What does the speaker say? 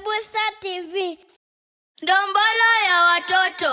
Gusa TV, ndombolo ya watoto.